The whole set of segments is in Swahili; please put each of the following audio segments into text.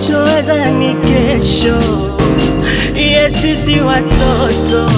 kinachoweza ni kesho. Yes, sisi watoto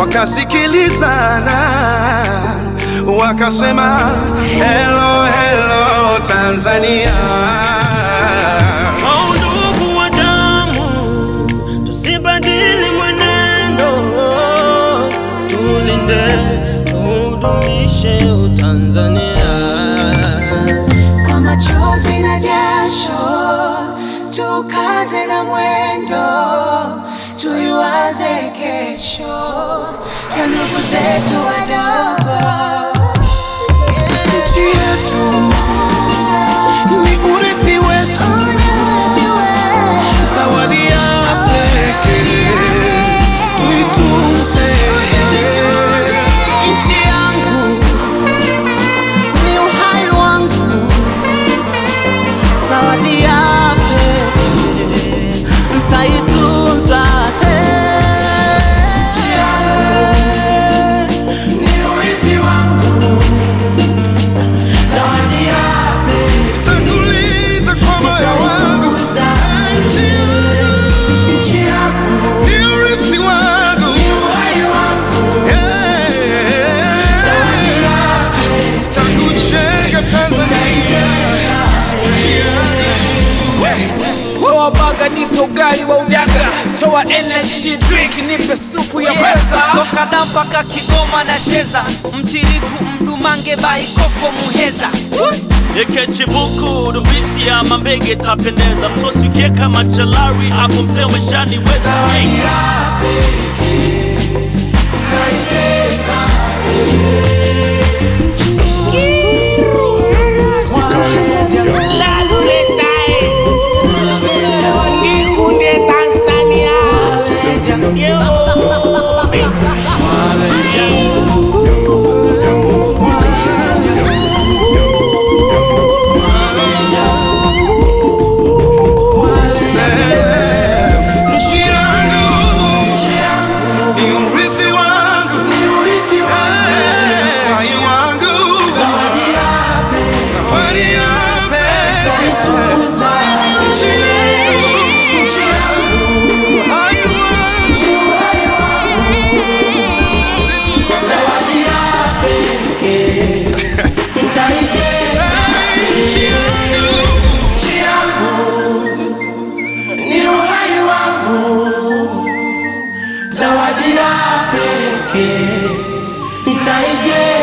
wakasikilizana, wakasema hello hello Tanzania. Oh, ndugu wa damu, mwenendo, tulinde Utanzania jasho, tukaze na mwendo tuiwaze kesho. and look who's there to adore. Toa baga nipe ugali wa udaga toa energy drink nipe supu ya pesa. Toka dampa ka Kigoma nacheza mchiriku mdumange baikoko muheza Ikechibuku dubisi ya mambege tapendeza msosi ukieka machalari hapo mzee umeshani weza hey. zawadi ya pekee nitaije